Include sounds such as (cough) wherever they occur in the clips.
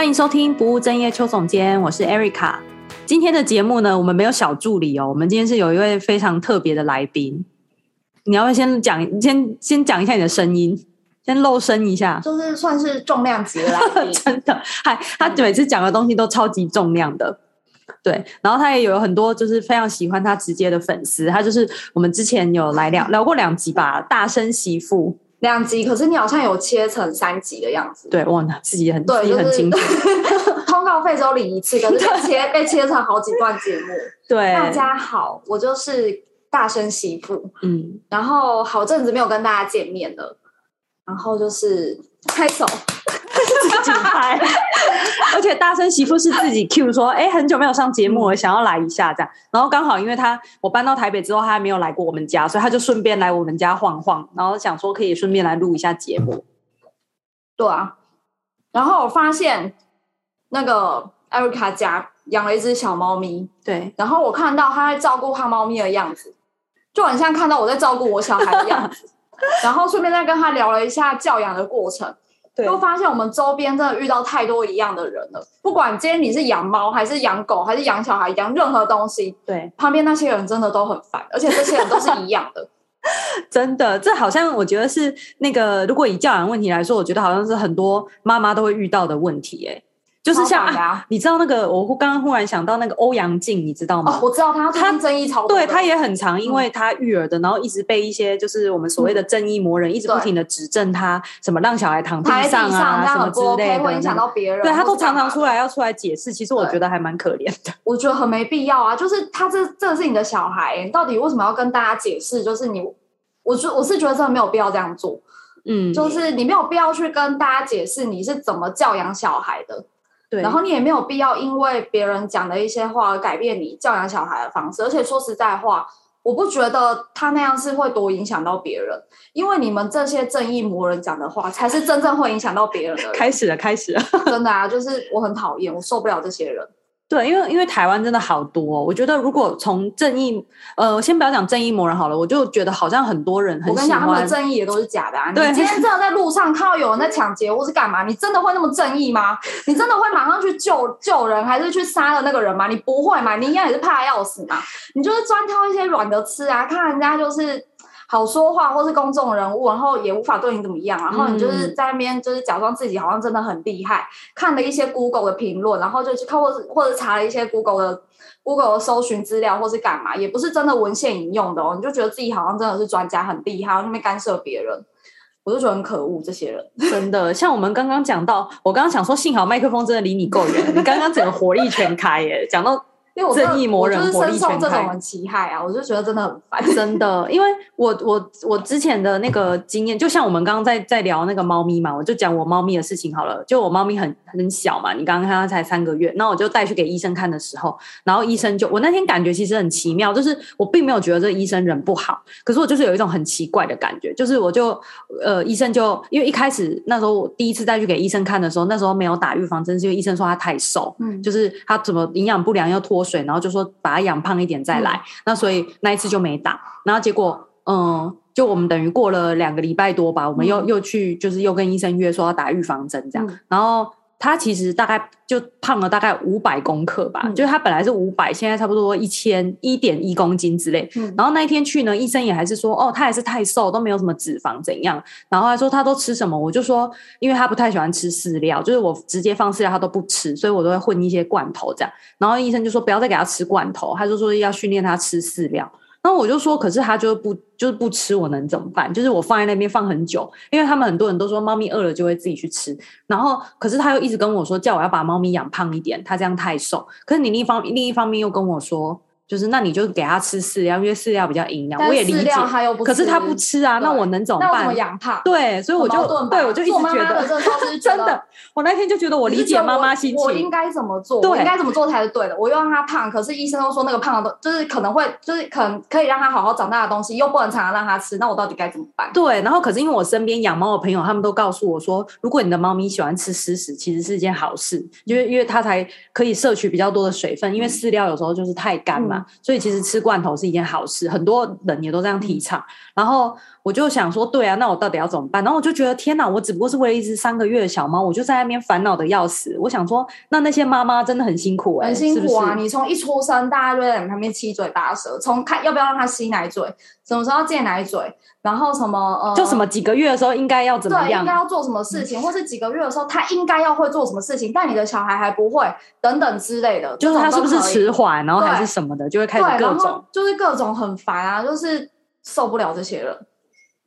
歡迎收聽《不務正業》邱總監，我是 Erica。今天的節目呢，我們沒有小助理哦，我們今天是有一位非常特別的來賓。你要不要先講，先先講一下你的聲音，先露聲一下，就是算是重量級來賓 (laughs) 真的。嗨，他每次講的東西都超級重量的，對。然後他也有很多就是非常喜歡他直接的粉絲，他就是我們之前有來聊聊過兩集吧，大聲媳婦。兩集，可是你好像有切成三集的樣子。對，哇，呢自己很對，就是自己很 (laughs) 通告費只有領一次，跟、就是、切 (laughs) 被切成好幾段節目。對，大家好，我就是大聲媳婦，嗯，然後好陣子沒有跟大家見面了，然後就是拍手。 (laughs) (laughs) (laughs) 而且大聲媳婦是自己 Q 說：“哎、欸，很久沒有上節目了，想要來一下這樣。”然後剛好因為她我搬到台北之後，她還沒有來過我們家，所以她就順便來我們家晃晃，然後想說可以順便來錄一下節目。對啊，然後我發現那個 Erica 家養了一隻小貓咪，對，然後我看到她在照顧她貓咪的樣子，就很像看到我在照顧我小孩的樣子。 (laughs) 然後順便再跟她聊了一下教養的過程。都發現我們周邊真的遇到太多一樣的人了。不管今天你是養貓還是養狗還是養小孩養任何東西，對，旁邊那些人真的都很煩，而且這些人都是一樣的。 (laughs) 真的，這好像我覺得是那個，如果以教養問題來說，我覺得好像是很多媽媽都會遇到的問題誒、欸。就是像、啊啊、你知道那個我剛剛忽然想到那個歐陽靖，你知道嗎？哦、我知道他他爭議超多，對他也很常，因為他育兒的、嗯，然後一直被一些就是我們所謂的正義魔人、嗯、一直不停的指正他、嗯、什麼讓小孩躺、啊、地上啊什麼之類的，會影響到別人。對，他都常常出來要出來解釋，其實我覺得還蠻可憐的。我覺得很沒必要啊，就是他這這是你的小孩，到底為什麼要跟大家解釋？就是你，我覺我是覺得真的沒有必要這樣做。嗯，就是你沒有必要去跟大家解釋你是怎麼教養小孩的。對，然後你也沒有必要因為別人講的一些話而改變你教養小孩的方式，而且說實在話，我不覺得他那樣是會多影響到別人，因為你們這些正義魔人講的話才是真正會影響到別人的。開始了，開始了，真的啊，就是我很討厭，我受不了這些人。對，因為因為台灣真的好多，哦，我覺得如果從正義，呃，我先不要講正義魔人好了，我就覺得好像很多人很喜歡，我跟你講，他們的正義也都是假的，啊對。你今天真的在路上看到 (laughs) 有人在搶劫或是幹嘛，你真的會那麼正義嗎？你真的會馬上去救 (laughs) 救人，還是去殺了那個人嗎？你不會嘛？你應該也是怕他要死嘛？你就是專挑一些軟的吃啊，看人家就是。好說話，或是公眾人物，然後也無法對你怎麼樣。然後你就是在那邊，就是假裝自己好像真的很厲害、嗯。看了一些 Google 的評論，然後就去看，或是或者查了一些 Google 的 Google 的搜尋資料，或是幹嘛，也不是真的文獻引用的哦。你就覺得自己好像真的是專家，很厲害，然後那邊干涉別人，我就覺得很可惡。這些人真的，像我們剛剛講到，我剛剛想說，幸好麥克風真的離你夠遠， (laughs) 你剛剛整個火力全開耶，講到。因為我真的正義魔人深受這種其害啊！我就覺得真的很煩。 (laughs) 真的，因為我我我之前的那個經驗，就像我們剛剛在在聊那個貓咪嘛，我就講我貓咪的事情好了。就我貓咪很很小嘛，你剛剛看它才三個月，然後我就帶去給醫生看的時候，然後醫生就我那天感覺其實很奇妙，就是我並沒有覺得這個醫生人不好，可是我就是有一種很奇怪的感覺，就是我就呃醫生就因為一開始那時候我第一次帶去給醫生看的時候，那時候沒有打預防針，是因為醫生說他太瘦，嗯，就是他怎麼營養不良要脫。然後就說把它養胖一點再來、嗯，那所以那一次就沒打，然後結果，嗯，就我們等於過了兩個禮拜多吧，我們又、嗯、又去，就是又跟醫生約說要打預防針這樣，嗯、然後。他其實大概就胖了大概五百公克吧，嗯、就是他本來是五百，現在差不多一千一點一公斤之類。嗯、然後那一天去呢，醫生也還是說，哦，他還是太瘦，都沒有什麼脂肪怎樣。然後還說他都吃什麼，我就說，因為他不太喜歡吃飼料，就是我直接放飼料他都不吃，所以我都會混一些罐頭這樣。然後醫生就說不要再給他吃罐頭，他就說要訓練他吃飼料。那我就說，可是它就不就是不吃，我能怎麼辦？就是我放在那邊放很久，因為他們很多人都說，貓咪餓了就會自己去吃。然後，可是他又一直跟我說，叫我要把貓咪養胖一點，它這樣太瘦。可是你另一方另一方面又跟我說。就是那你就給他吃飼料，因為飼料比較營養。我也理解，可是他不吃啊，那我能怎麼辦？那怎麼養胖？對，所以我就對我就一直覺得，做媽媽的就是覺得 (laughs) 真的，我那天就覺得我理解媽媽心情，我，我應該怎麼做？對，我應該怎麼做才是對的？我又讓他胖，可是醫生都說那個胖的，就是可能會就是可能可以讓他好好長大的東西，又不能常常讓他吃。那我到底該怎麼辦？對，然後可是因為我身邊養貓的朋友，他們都告訴我說，如果你的貓咪喜歡吃濕食，其實是一件好事，就因為因為它才可以攝取比較多的水分，嗯、因為飼料有時候就是太乾嘛。嗯所以其實吃罐頭是一件好事，很多人也都這樣提倡，然後。我就想說，對啊，那我到底要怎麼辦？然後我就覺得，天哪！我只不過是為了一只三個月的小貓，我就在那邊煩惱的要死。我想說，那那些媽媽真的很辛苦哎、欸，很辛苦啊！是不是你從一出生大，大家就在旁邊七嘴八舌，從看要不要讓他吸奶嘴，什麼時候要戒奶嘴，然後什麼呃，就什麼幾個月的時候應該要怎麼樣，對，應該要做什麼事情、嗯，或是幾個月的時候他應該要會做什麼事情，但你的小孩還不會，等等之類的，就是他是不是遲緩，然後還是什麼的，就會開始各種，就是各種很煩啊，就是受不了這些了。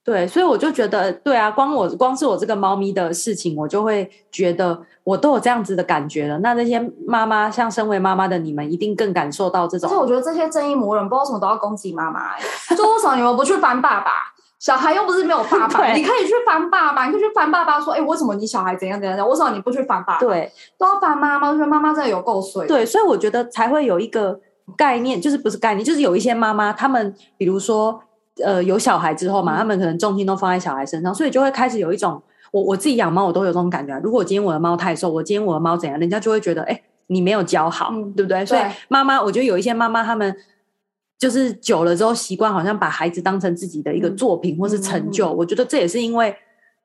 對，所以我就覺得，對啊，光我光是我這個貓咪的事情，我就會覺得我都有這樣子的感覺了。那那些媽媽，像身為媽媽的你們，一定更感受到這種。而且我覺得這些正義魔人不知道為什麼都要攻擊媽媽、欸，他 (laughs) 說為什麼你們不去煩爸爸？ (laughs) 小孩又不是沒有爸爸， (laughs) 你可以去煩爸爸，你可以去煩爸爸說，說、欸、哎，為什麼你小孩怎樣怎樣？為什麼你不去煩爸爸？對，都要煩媽媽，覺得媽媽真的有夠水。對，所以我覺得才會有一個概念，就是不是概念，就是有一些媽媽，他們比如說。呃，有小孩之後嘛、嗯，他們可能重心都放在小孩身上，所以就會開始有一種，我我自己養貓，我都有這種感覺。如果今天我的貓太瘦，我今天我的貓怎樣，人家就會覺得，哎、欸，你沒有教好，嗯、對不對，對？所以媽媽，我覺得有一些媽媽，他們就是久了之後習慣，好像把孩子當成自己的一個作品、嗯、或是成就、嗯。我覺得這也是因為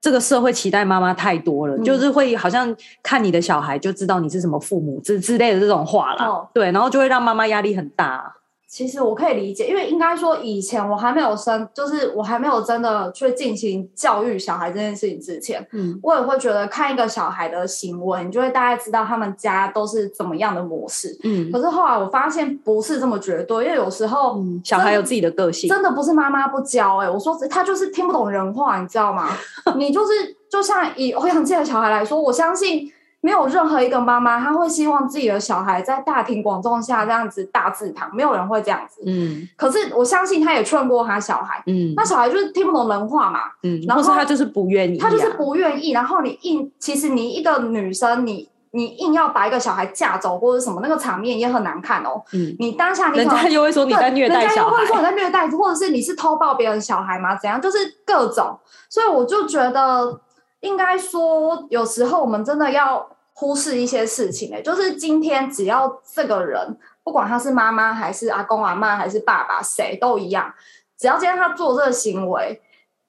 這個社會期待媽媽太多了，嗯、就是會好像看你的小孩就知道你是什麼父母之之類的這種話啦、哦。對，然後就會讓媽媽壓力很大。其實我可以理解，因為應該說以前我還沒有生，就是我還沒有真的去進行教育小孩這件事情之前，嗯，我也會覺得看一個小孩的行為，你就會大概知道他們家都是怎麼樣的模式，嗯。可是後來我發現不是這麼絕對，因為有時候、嗯、小孩有自己的個性，真的不是媽媽不教誒、欸、我說他就是聽不懂人話，你知道嗎？ (laughs) 你就是就像以我養這個的小孩來說，我相信。沒有任何一個媽媽，她會希望自己的小孩在大庭廣眾下這樣子大字旁，沒有人會這樣子、嗯。可是我相信她也勸過她小孩，嗯、那小孩就是聽不懂人話嘛，嗯、然後她就是不願意、啊，她就是不願意。然後你硬，其實你一個女生你，你你硬要把一個小孩架走或者什麼，那個場面也很難看哦。嗯、你當下你人家就會說你在虐待小孩，人家又會說你在虐待，或者是你是偷抱別人的小孩嘛？怎樣？就是各種。所以我就覺得，應該說有時候我們真的要。忽視一些事情，哎，就是今天只要這個人，不管他是媽媽還是阿公阿媽還是爸爸誰，誰都一樣。只要今天他做這個行為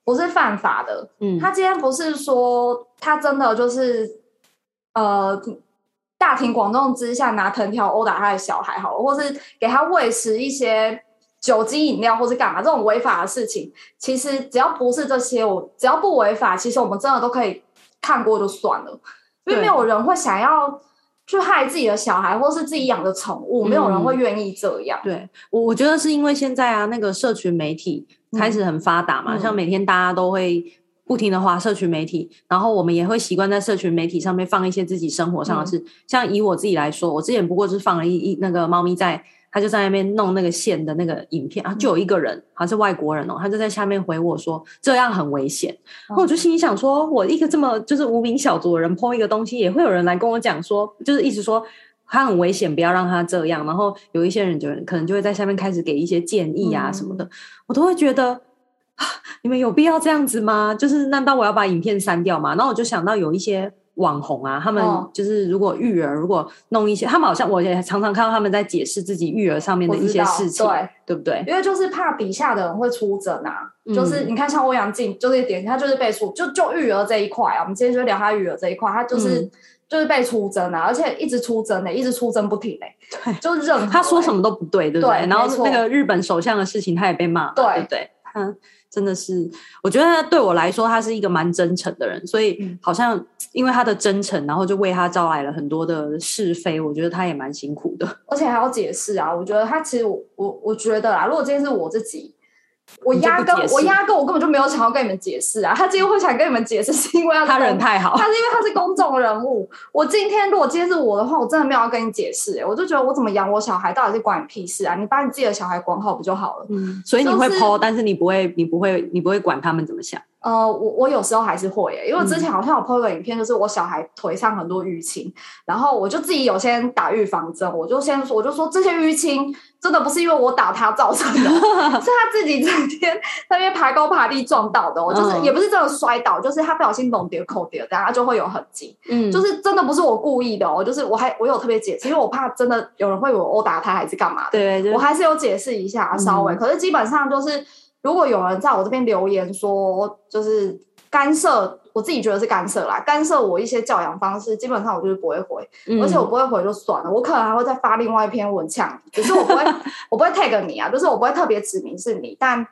不是犯法的，嗯，他今天不是說他真的就是呃大庭廣眾之下拿藤條毆打他的小孩，好，或是給他餵食一些酒精飲料，或是幹嘛，這種違法的事情，其實只要不是這些，我只要不違法，其實我們真的都可以看過就算了。因為沒有人會想要去害自己的小孩，或是自己養的寵物，沒有人會願意這樣。嗯、對我，我覺得是因為現在啊，那個社群媒體開始很發達嘛、嗯，像每天大家都會不停的滑社群媒體，然後我們也會習慣在社群媒體上面放一些自己生活上的事。嗯、像以我自己來說，我之前不過是放了一一那個貓咪在。他就在那邊弄那個線的那個影片啊，就有一個人，他是外國人哦、喔，他就在下面回我說這樣很危險。然後我就心裡想說，我一個這麼就是無名小卒的人，PO 一個東西也會有人來跟我講說，就是一直說他很危險，不要讓他這樣。然後有一些人就可能就會在下面開始給一些建議啊什麼的，嗯、我都會覺得啊，你們有必要這樣子嗎？就是難道我要把影片刪掉嗎？然後我就想到有一些。網紅啊，他們就是如果育兒，如果弄一些、嗯，他們好像我也常常看到他們在解釋自己育兒上面的一些事情，對，對不對？因為就是怕底下的人會出征啊、嗯，就是你看像歐陽靖，就是點他就是被出，就就育兒這一塊啊，我們今天就聊他育兒這一塊，他就是、嗯、就是被出征啊，而且一直出征哎、欸，一直出征不停哎、欸，對，就任他說什麼都不對，對不對，對？然後那個日本首相的事情他也被罵，對對，不對，嗯。真的是，我覺得他對我來說，他是一個蠻真誠的人，所以好像因為他的真誠，然後就為他招來了很多的是非。我覺得他也蠻辛苦的，而且還要解釋啊。我覺得他其實我我我覺得啊，如果這件事我自己。我壓根，我壓根，我根本就沒有想要跟你們解釋啊！他今天會想跟你們解釋，是因為他人太好，他是因為他是公眾人物。我今天如果接受我的話，我真的沒有要跟你解釋、欸。我就覺得我怎麼養我小孩，到底是管你屁事啊！你把你自己的小孩管好不就好了、嗯？所以你會 po、就是，但是你不會，你不會，你不會管他們怎麼想。呃，我我有時候還是會、欸，因為之前好像我拍的影片，就是我小孩腿上很多淤青、嗯，然後我就自己有先打預防針，我就先說，我就說這些淤青真的不是因為我打他造成的， (laughs) 是他自己整天在那邊爬高爬低撞到的、哦嗯，就是也不是真的摔倒，就是他不小心弄跌扣跌，等下就會有痕跡，嗯，就是真的不是我故意的、哦，我就是我還我有特別解釋，因為我怕真的有人會以為我毆打他還是幹嘛的，對，對，對，我還是有解釋一下，稍微、嗯，可是基本上就是。如果有人在我這邊留言說，就是干涉，我自己覺得是干涉啦，干涉我一些教養方式，基本上我就是不會回、嗯，而且我不會回就算了，我可能還會再發另外一篇文嗆你、就是我不會， (laughs) 我不會 tag 你啊，就是我不會特別指名是你，但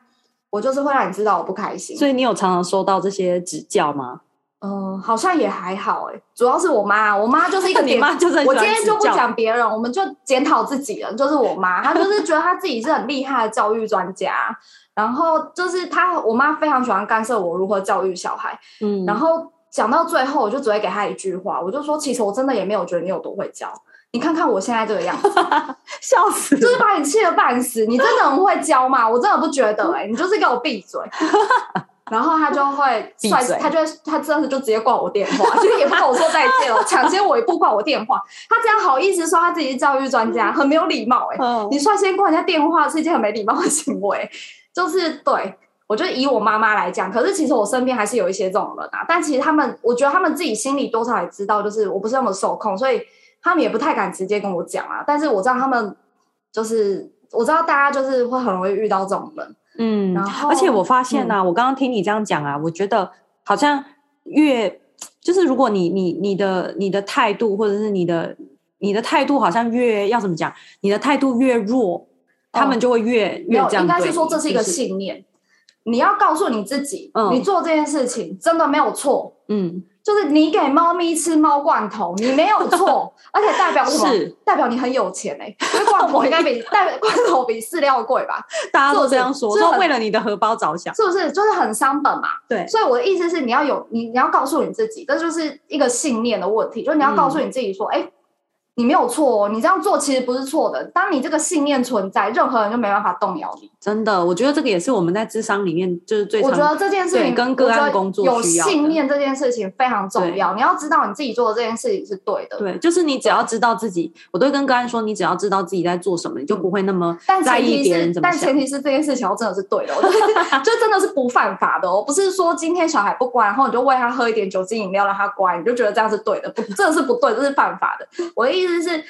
我就是會讓你知道我不開心。所以你有常常收到這些指教嗎？嗯、呃，好像也還好誒、欸，主要是我媽，我媽就是一個點 (laughs) 你媽就很喜歡指教。我今天就不講別人，我們就檢討自己人，就是我媽，她就是覺得她自己是很厲害的教育專家。 (laughs) 然後就是他，我媽非常喜歡干涉我如何教育小孩。嗯，然後講到最後，我就只會給他一句話，我就說：“其實我真的也沒有覺得你有多會教，你看看我現在這個樣子，笑,笑死，就是把你氣得半死。你真的很不會教嗎？ (laughs) 我真的不覺得哎、欸，你就是給我閉嘴。 (laughs) ”然後他就會帥他就會他這就直接掛我電話，就 (laughs) 也不跟我說再見了， (laughs) 搶先我也不掛我電話。他這樣好意思說他自己是教育專家，很沒有禮貌哎、欸。 (laughs) 你率先掛人家電話是一件很沒禮貌的行為。就是對我覺得以我媽媽來講，可是其實我身邊還是有一些這種人啊。但其實他們，我覺得他們自己心裡多少也知道，就是我不是那麼受控，所以他們也不太敢直接跟我講啊。但是我知道他們，就是我知道大家就是會很容易遇到這種人，嗯。然後，而且我發現呢，啊，嗯，我剛剛聽你這樣講啊，我覺得好像越就是如果你你你的你的態度，或者是你的你的態度，好像越要怎麼講，你的態度越弱。他們就會越越這樣、嗯、沒有，應該是說這是一個信念，就是、你要告訴你自己，嗯，你做這件事情真的沒有錯，嗯，就是你給貓咪吃貓罐頭，你沒有錯，而且代表什麼？代表你很有錢哎、欸，因為罐頭應該比罐頭比飼料貴吧？ (laughs) 大家都這樣說，說為了你的荷包着想，是不是？就是很傷本嘛。對，所以我的意思是，你要有你，你要告訴你自己，這就是一個信念的問題，就是你要告訴你自己說，哎、嗯。你沒有錯、哦，你這樣做其實不是錯的。當你這個信念存在，任何人就沒辦法動搖你。真的，我覺得這個也是我們在諮商裡面就是最。我覺得這件事情跟個案工作有信念這件事情非常重要。你要知道你自己做的這件事情是對的。對，就是你只要知道自己，對我都會跟個案說，你只要知道自己在做什麼，你就不會那麼在意別、嗯、人怎麼想。但前提是這件事情真的是對的，我就， (laughs) 就真的是不犯法的、哦。我不是說今天小孩不乖，然後你就餵他喝一點酒精飲料讓他乖，你就覺得這樣是對的，這個是不對，這是犯法的。我一。 (laughs) 就是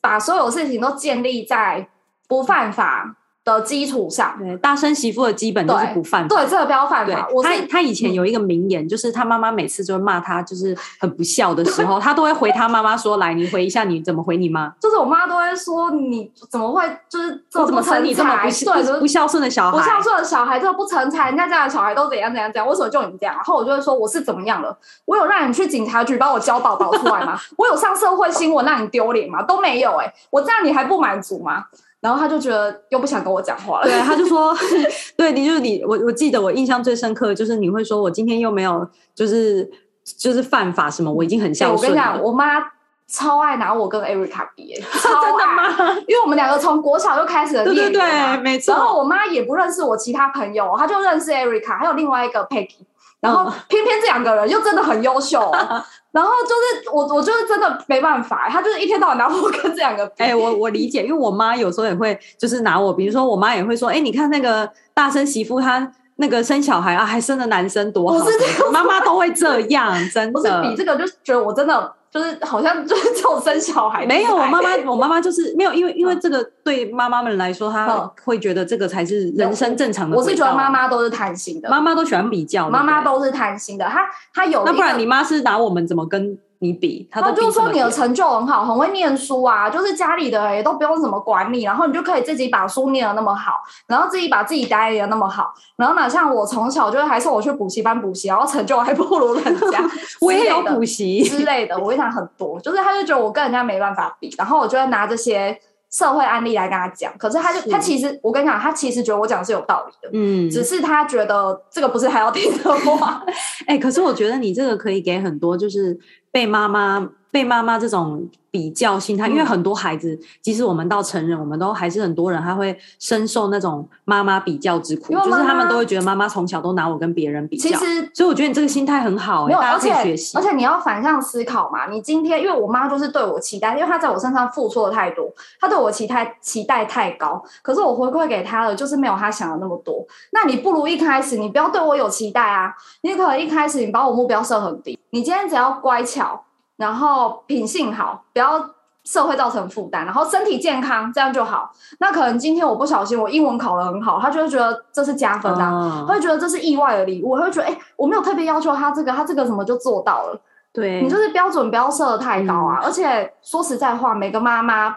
把所有事情都建立在不犯法。的基礎上，對，大聲媳婦的基本都是不犯法。對，對這個不要犯法他，他以前有一個名言，就是他媽媽每次就會罵他，就是很不孝的時候， (laughs) 他都會回他媽媽說：“ (laughs) 來，你回一下你，你怎麼回你媽？”就是我媽都會說：“你怎麼會就是這麼不成才？哦、麼你這麼不、就是、不孝順、的小孩，不孝順的小孩，就不成才？人家家的小孩都怎樣怎樣怎樣，為什麼就你們這樣？”然後我就會說：“我是怎麼樣了？我有讓你去警察局幫我交保保出來嗎？ (laughs) 我有上社會新聞讓你丟臉嗎？都沒有誒、欸。」我這樣你還不滿足嗎？”然後他就覺得又不想跟我講話了。對，他就說：“ (laughs) 對，你就是你，我我記得我印象最深刻的就是你會說，我今天又沒有就是就是犯法什麼，我已經很孝順，我跟你講，我媽。超愛拿我跟艾瑞卡比、欸啊，真的嗎？因為我們兩個從國小就開始了、啊，對對對，沒錯。然後我媽也不認識我其他朋友、哦，她就認識艾瑞卡，還有另外一個佩奇、哦。然後偏偏這兩個人又真的很優秀、哦， (laughs) 然後就是我，我就是真的沒辦法、欸，她就是一天到晚拿我跟這兩個比、欸。比我我理解，因為我媽有時候也會就是拿我，比如說我媽也會說，哎、欸，你看那個大聲媳婦，她那個生小孩啊，還生的男生多好多，媽媽都會這樣，真的。 (laughs) 不是比這個，就是覺得我真的。就是好像就是這種生小孩，沒有我媽媽，我媽媽就是沒有，因為因為這個對媽媽們來說，她會覺得這個才是人生正常的、嗯。我是覺得媽媽都是貪心的，媽媽都喜歡比較，對對媽媽都是貪心的。她她有那不然你媽是拿我們怎麼跟？你比他都比，他就是說你的成就很好，很會念書啊，就是家裡的也都不用怎麼管你，然後你就可以自己把書念的那麼好，然後自己把自己待的那麼好，然後呢，像我從小就是還送我去補習班補習，然後成就還不如人家， (laughs) 我也有補習之類的， (laughs) 類的我會想很多，就是他就覺得我跟人家沒辦法比，然後我就會拿這些。社會案例來跟他講，可是他就是他其實，我跟你講，他其實覺得我講的是有道理的，嗯，只是他覺得這個不是他要聽的話。哎 (laughs) 欸，可是我覺得你這個可以給很多，就是被媽媽。被媽媽這種比較心態，因為很多孩子，即使我們到成人，我們都還是很多人，他會深受那種媽媽比較之苦媽媽，就是他們都會覺得媽媽從小都拿我跟別人比較。其實，所以我覺得你這個心態很好。欸，沒有，而且學習而且你要反向思考嘛。你今天因為我媽就是對我期待，因為她在我身上付出了太多，她對我期待，期待太高，可是我回饋給她了就是沒有她想的那麼多。那你不如一開始你不要對我有期待啊，你可能一開始你把我目標設很低，你今天只要乖巧。然後品性好，不要社會造成負擔，然後身體健康，這樣就好。那可能今天我不小心，我英文考得很好，他就會覺得這是加分啊，他、哦、會覺得這是意外的禮物，他會覺得哎，我沒有特別要求他這個，他這個怎麼就做到了？對，你就是標準不要設的太高啊。嗯、而且說實在話，每個媽媽，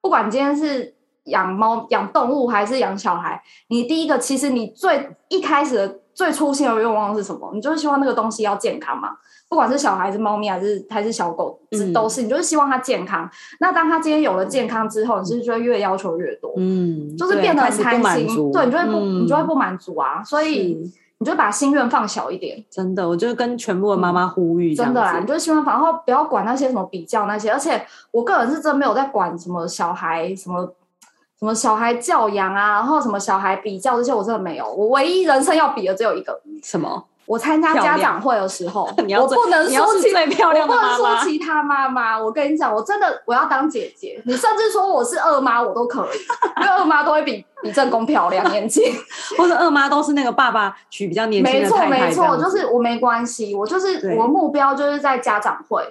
不管今天是養貓、養動物還是養小孩，你第一個其實你最一開始的最初心的願望是什麼？你就是希望那個東西要健康嘛。不管是小孩子、貓咪還是還是小狗，都是、嗯、你就是希望它健康。那當它今天有了健康之後，你是不是就會越要求越多，嗯，就是變得很開心，對，對你，就、嗯、你就會不，你就會不滿足啊。所以你就把心願放小一點。真的，我就跟全部的媽媽呼籲、嗯，真的啦、啊，你就希望，然後不要管那些什麼比較那些。而且我個人是真的沒有在管什麼小孩什麼什麼小孩教養啊，然後什麼小孩比較這些，我真的沒有。我唯一人生要比的只有一個什麼？我參加家長會的時候，我不能輸其他，我不能輸其、其他媽媽。我跟你講，我真的我要當姐姐。你甚至說我是二媽，我都可以， (laughs) 因為二媽都會比比正宮漂亮、年輕， (laughs) 或者二媽都是那個爸爸娶比較年輕的太太沒錯，沒錯，就是我沒關係，我就是我的目標就是在家長會，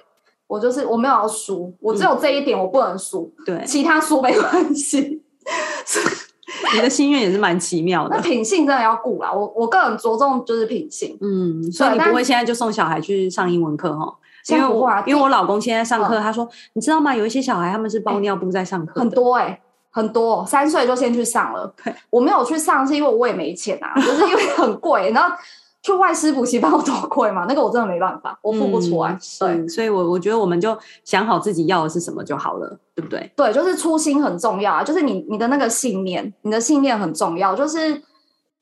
我就是我沒有要輸，我只有這一點我不能輸、嗯，對其他輸沒關係。 (laughs) (laughs) 你的心願也是蠻奇妙的， (laughs) 那品性真的要顧啦。我我個人着重就是品性。嗯，所以你不會現在就送小孩去上英文課哦？因為我，因為我老公現在上課、嗯，他說你知道嗎？有一些小孩他們是包尿布在上課、欸，很多哎、欸，很多三歲就先去上了，對。我沒有去上是因為我也沒錢吶、啊， (laughs) 就是因為很貴，然後。去外師補習班多貴嘛？那個我真的沒辦法，我付不出來。嗯、對、嗯，所以我，我我覺得我們就想好自己要的是什麼就好了，對不對？對，就是初心很重要啊，就是你你的那個信念，你的信念很重要。就是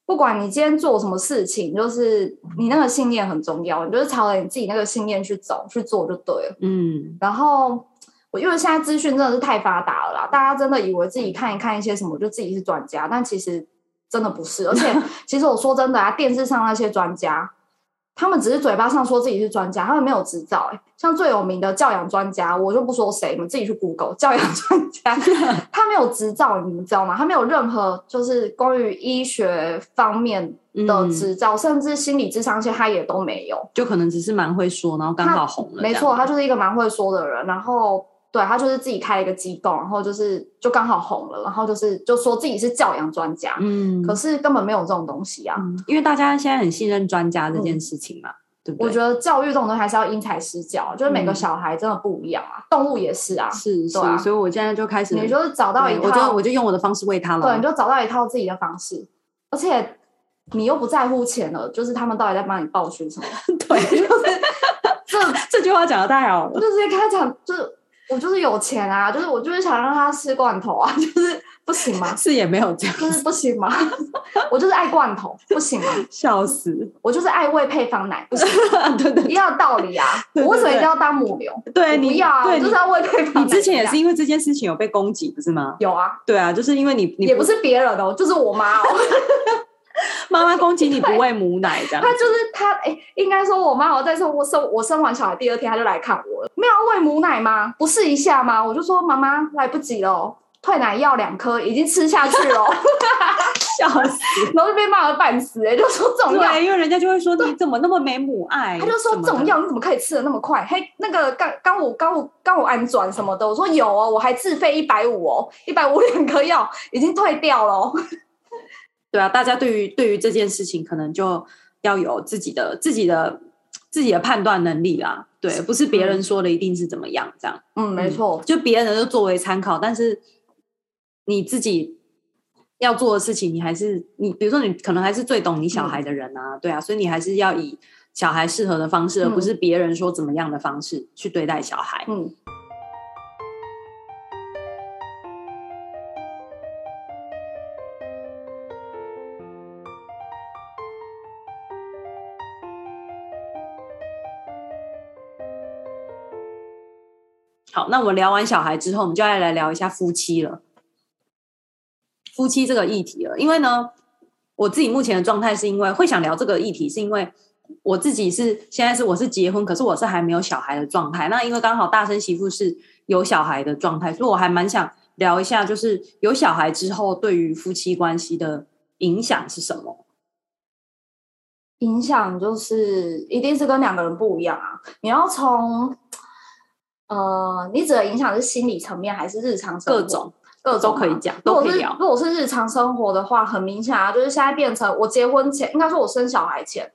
不管你今天做什麼事情，就是你那個信念很重要，你就是朝着你自己那個信念去走去做就對了。嗯。然後，我因為現在資訊真的是太發達了啦，大家真的以為自己看一看一些什麼，就自己是專家，但其實。真的不是，而且其實我說真的啊， (laughs) 電視上那些專家，他們只是嘴巴上說自己是專家，他們沒有執照、欸。哎，像最有名的教養專家，我就不說誰了，你們自己去 Google 教養專家， (laughs) 他沒有執照，你們知道嗎？他沒有任何就是關於醫學方面的執照、嗯，甚至心理智商那些他也都沒有，就可能只是蠻會說，然後剛好紅了。沒錯，他就是一個蠻會說的人，然後。對，他就是自己開了一個機構，然後就是就剛好紅了，然後就是就說自己是教養專家，嗯，可是根本沒有這種東西啊。嗯、因為大家現在很信任專家這件事情嘛、嗯，對不對？我覺得教育這種東西還是要因材施教，就是每個小孩真的不一樣啊，嗯、動物也是啊，是，是。啊、所以我現在就開始，你就是找到一套我，我就用我的方式餵它了，對，你就找到一套自己的方式，而且你又不在乎錢了，就是他們到底在幫你報些什麼？ (laughs) 對，就是 (laughs) 這 (laughs) 這句話講得太好了，就直接開場就。我就是有錢啊，就是我就是想讓他吃罐頭啊，就是 (laughs) 不行嗎？是也沒有這樣，就是不行嗎？ (laughs) 我就是愛罐頭，不行嗎？笑死！我就是愛餵配方奶，不行， (laughs) 對對，對，一樣的道理啊。我為什麼一定要當母牛、啊？對你要啊，你就是要餵配方奶。你之前也是因為這件事情有被攻擊，不是嗎？有啊，對啊，就是因為你，你不也不是別人的、哦，就是我媽哦。 (laughs) 媽媽攻擊你不餵母奶，這樣。 (laughs) 她就是她。哎、欸，應該說我媽，我在說，我生我生完小孩第二天她就來看我了，沒有餵母奶嗎？不試一下嗎？我就說媽媽來不及了、喔，退奶藥兩顆已經吃下去了、喔，笑死， (laughs) 然後就被罵了半死、欸，哎，就說這種藥，因為人家就會說你怎麼那麼沒母愛，她就說這種藥你怎麼可以吃的那麼快？麼嘿，那個剛剛我剛剛我安轉什麼的，我說有，哦，我還自費一百五哦，一百五兩顆藥已經退掉嘍。對啊，大家對於對於這件事情，可能就要有自己的自己的自己的判斷能力啦。對，不是別人說的一定是怎麼樣這樣。嗯，嗯，沒錯，就別人就作為參考，但是你自己要做的事情，你還是你，比如說你可能還是最懂你小孩的人啊，嗯。對啊，所以你還是要以小孩適合的方式，而不是別人說怎麼樣的方式去對待小孩。嗯。好，那我聊完小孩之後，我們就要來聊一下夫妻了。夫妻這個議題了，因為呢，我自己目前的狀態是，因為會想聊這個議題，是因為我自己是現在是我是結婚，可是我是還沒有小孩的狀態。那因為剛好大聲媳婦是有小孩的狀態，所以我還蠻想聊一下，就是有小孩之後對於夫妻關係的影響是什麼？影響就是一定是跟兩個人不一樣啊，你要從。呃，你指的影響是心理層面還是日常生活？各種，各種都可以講，都可以聊。如果是，如果是日常生活的話，很明顯啊，就是現在變成我結婚前，應該說我生小孩前，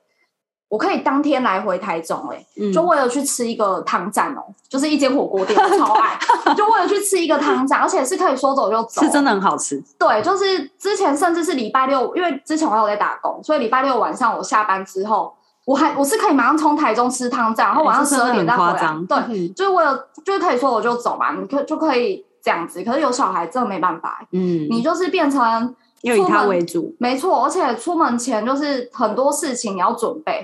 我可以當天來回台中、欸，哎、嗯，就為了去吃一個湯站，哦、喔，就是一間火鍋店， (laughs) 超愛，就為了去吃一個湯站， (laughs) 而且是可以說走就走，是真的很好吃。對，就是之前甚至是禮拜六，因為之前我有在打工，所以禮拜六晚上我下班之後。我還我是可以馬上從台中吃湯這樣，然後晚上十二點再回來。哎、對，嗯、就是我有就是可以說我就走嘛，你可就可以這樣子。可是有小孩真的沒辦法、欸，嗯，你就是變成要以他為主，沒錯。而且出門前就是很多事情你要準備，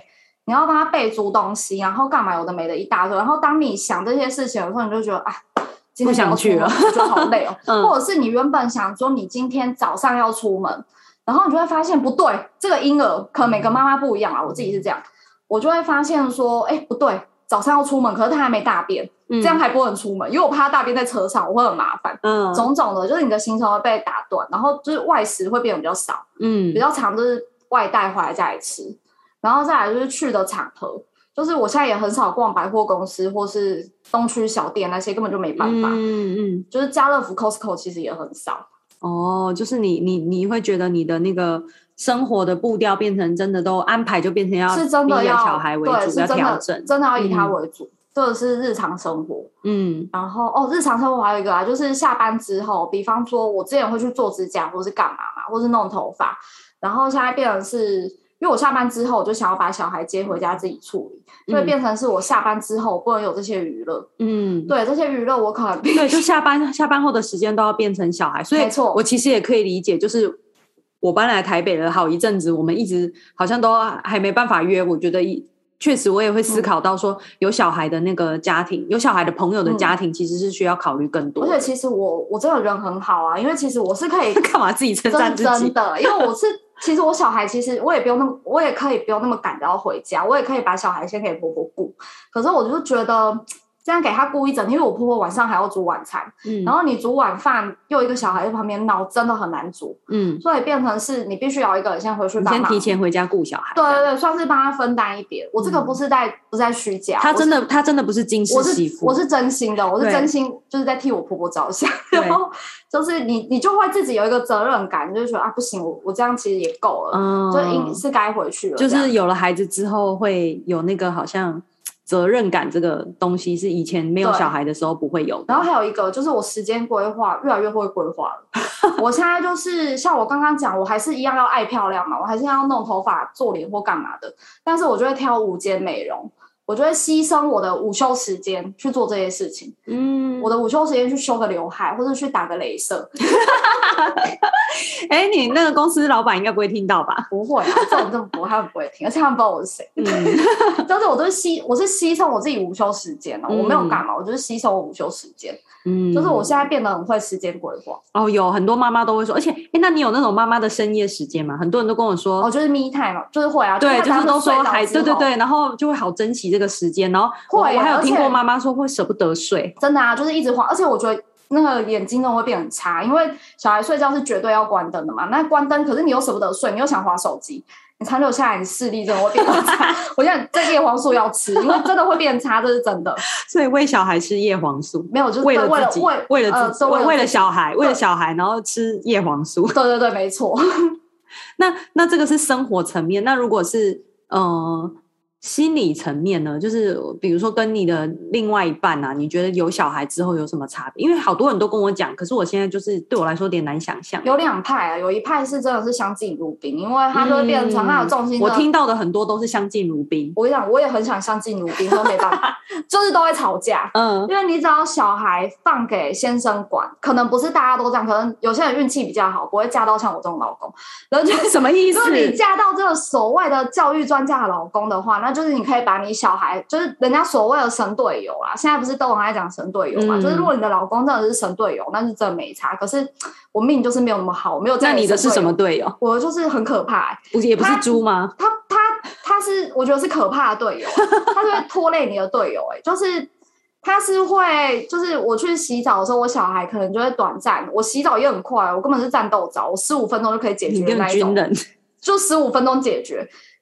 你要幫他備足東西，然後幹嘛有的沒的一大堆。然後當你想這些事情的時候，你就覺得啊，今天不想去了就好累哦、喔嗯。或者是你原本想說你今天早上要出門，然後你就會發現不對，這個嬰兒可能每個媽媽不一樣啊、嗯，我自己是這樣。我就會發現說，哎、欸，不對，早上要出門，可是他還沒大便，嗯、這樣還不能出門，因為我怕他大便在車上，我會很麻煩。嗯，種種的，就是你的行程會被打斷，然後就是外食會變得比較少，嗯，比較常就是外帶回來再吃，然後再來就是去的場合，就是我現在也很少逛百貨公司或是東區小店那些，根本就沒辦法。嗯嗯，就是家樂福、Costco 其實也很少。哦，就是你你你會覺得你的那個。生活的步調變成真的都安排，就變成要以小孩為主，是真的要對，要調整。真的要以他為主，嗯，這是日常生活。嗯，然後哦，日常生活還有一個啊，就是下班之後，比方說我之前會去做指甲或是幹嘛嘛，或是弄頭髮，然後現在變成是因為我下班之後我就想要把小孩接回家自己處理，嗯，所以變成是我下班之後不能有這些娛樂。嗯，對，這些娛樂我可能對，就下班，下班後的時間都要變成小孩，所以沒錯，我其實也可以理解就是。我搬來台北了好一陣子，我們一直好像都還沒辦法約。我覺得一確實，我也會思考到說，有小孩的那個家庭，嗯，有小孩的朋友的家庭，其實是需要考慮更多。而且其實我我真的人很好啊，因為其實我是可以真真 (laughs) 幹嘛自己稱讚自己，因為我是其實我小孩，其實我也不用那麼，我也可以不用那麼趕着要回家，我也可以把小孩先給婆婆顧。可是我就覺得。這樣給他顧一整天，因為我婆婆晚上還要煮晚餐，嗯、然後你煮晚飯又一個小孩在旁邊鬧，真的很難煮，嗯，所以變成是你必須要一個人先回去幫忙，你先提前回家顧小孩，對，對對，算是幫他分擔一點。我這個不是在、嗯、不是在虛假，他真的他真的不是金絲媳婦，我是我是真心的，我是真心就是在替我婆婆着想，然後就是你你就會自己有一個責任感，就是說啊不行，我我這樣其實也夠了，嗯，就已是該回去了，就是有了孩子之後會有那個好像。責任感這個東西是以前沒有小孩的時候不會有。然後還有一個就是我時間規劃越來越會規劃了。 (laughs) 我現在就是像我剛剛講，我還是一樣要愛漂亮嘛，我還是要弄頭髮、做臉或幹嘛的，但是我就會挑午間美容。我就會犧牲我的午休時間去做這些事情。嗯，我的午休時間去修個瀏海，或者去打個雷射。哈哈哈！哎，你那個公司老闆應該不會聽到吧？不會，啊，這種不，他們不會聽，而且他們不知道我是誰。嗯， (laughs) 就是我都是犧，我是犧牲我自己午休時間了、嗯。我沒有幹嘛，我就是犧牲我午休時間。嗯，就是我現在變得很會時間規劃。哦，有很多媽媽都會說，而且哎、欸，那你有那種媽媽的深夜時間嗎？很多人都跟我說，哦，就是 me time 嘛，就是會啊。對，就是、就是、都說孩子。對對對，然後就會好珍惜這個的時間，然後我、啊、我還有聽過媽媽說會捨不得睡，真的啊，就是一直滑，而且我覺得那個眼睛都會變很差，因為小孩睡覺是絕對要關燈的嘛。那關燈，可是你又捨不得睡，你又想滑手機，你長久下來，你視力真的會變很差。 (laughs) 我現在這葉黃素要吃， (laughs) 因為真的會變差， (laughs) 這是真的。所以餵小孩吃葉黃素，沒有，就是就為了為了自己，為了為、呃、為了小孩，為了小孩，呃、然後吃葉黃素。對對對，沒錯。 (laughs) 那那這個是生活層面，那如果是嗯。呃心理層面呢，就是比如說跟你的另外一半啊，你覺得有小孩之後有什麼差別？因為好多人都跟我講，可是我現在就是對我來說有點難想象有兩派啊，有一派是真的是相敬如賓，因為他就會變成他有重心的、嗯。我聽到的很多都是相敬如賓。我跟你講，我也很想相敬如賓，都沒辦法， (laughs) 就是都會吵架。嗯，因為你只要小孩放給先生管，可能不是大家都這樣，可能有些人運氣比較好，不會嫁到像我這種老公。然後就是什麼意思？如果你嫁到這個所謂的教育專家的老公的話，那就是你可以把你小孩，就是人家所謂的神隊友啊，現在不是都很愛講神隊友嘛、嗯？就是如果你的老公真的是神隊友，那是真沒差。可是我命就是沒有那麼好，我沒有在。那你的是什麼隊友？我就是很可怕、欸，也不是豬嗎？他他他，他，他是我覺得是可怕的隊友，他就會拖累你的隊友、欸。哎， (laughs) 就是他是會，就是我去洗澡的時候，我小孩可能就會短暫。我洗澡也很快，我根本是戰鬥澡，我十五分鐘就可以解決的那一種，軍人就十五分鐘解決。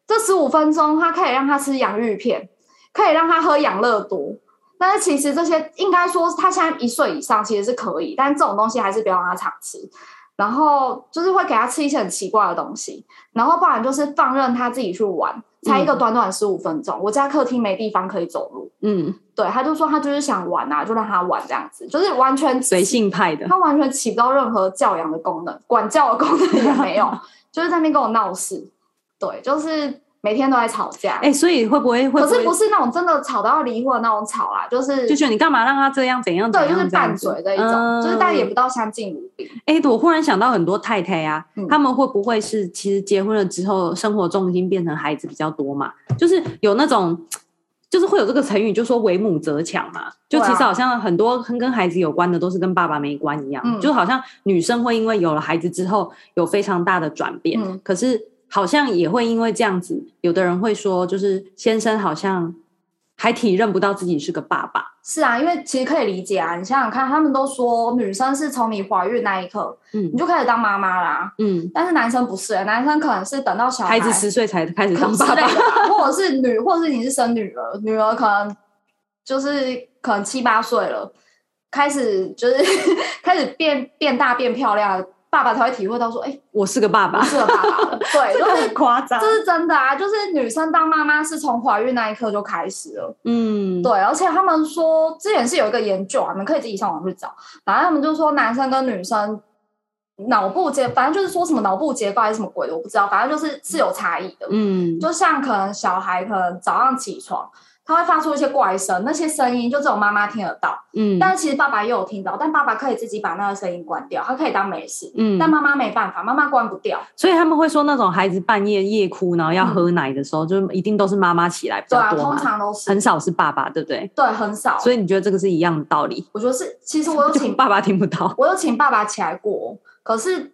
這十五分鐘，他可以讓他吃洋芋片，可以讓他喝養樂多。但是其實這些應該說，他現在一歲以上其實是可以，但這種東西還是不要讓他常吃。然後就是會給他吃一些很奇怪的東西，然後不然就是放任他自己去玩。才一個短短十五分鐘，嗯，我家客廳沒地方可以走路。嗯，對，他就說他就是想玩啊，就讓他玩這樣子，就是完全隨性派的。他完全起不到任何教養的功能，管教的功能也沒有， (laughs) 就是在那邊跟我鬧事。對，就是每天都在吵架。哎、欸，所以會不會會，不會？可是不是那種真的吵到要離婚的那種吵啊？就是就是你幹嘛讓他這樣？怎樣？對，怎樣就是拌嘴的一種，嗯、就是大家也不到相敬如賓。哎、欸，我忽然想到很多太太呀、啊，他、嗯、們會不會是其實結婚了之後生活重心變成孩子比較多嘛？就是有那種，就是會有這個成語，就說為母則強嘛。就其實好像很多跟跟孩子有關的都是跟爸爸沒關一樣、嗯，就好像女生會因為有了孩子之後有非常大的轉變，嗯、可是。好像也會因為這樣子，有的人會說，就是先生好像還體認不到自己是個爸爸。是啊，因為其實可以理解啊，你想想看，他們都說女生是從你懷孕那一刻，嗯，你就開始當媽媽啦，嗯，但是男生不是，男生可能是等到小孩，孩子十歲才開始當爸爸，啊， (laughs) 或者是女，或者是你是生女兒，女兒可能就是可能七八歲了，開始就是 (laughs) 開始變變大變漂亮。爸爸才會體會到說，哎、欸，我是個爸爸， (laughs) 我是個爸爸，對，有 (laughs) 很誇張，這、就是就是真的啊，就是女生當媽媽是從懷孕那一刻就開始了，嗯，對，而且他們說之前是有一個研究，你們可以自己上網去找，反正他們就說男生跟女生腦部結，反正就是說什麼腦部結構還是什麼鬼的，我不知道，反正就是是有差異的，嗯，就像可能小孩可能早上起床。他會發出一些怪聲，那些聲音就只有媽媽聽得到，嗯，但是其實爸爸也有聽到，但爸爸可以自己把那個聲音關掉，他可以當沒事，嗯，但媽媽沒辦法，媽媽關不掉，所以他們會說那種孩子半夜夜哭然後要喝奶的時候，嗯、就一定都是媽媽起來比較多嘛，嗯，對啊，通常都是很少是爸爸對不對，對，很少，所以你覺得這個是一樣的道理？我覺得是，其實我有請爸爸聽不到，我有請爸爸起來過，可是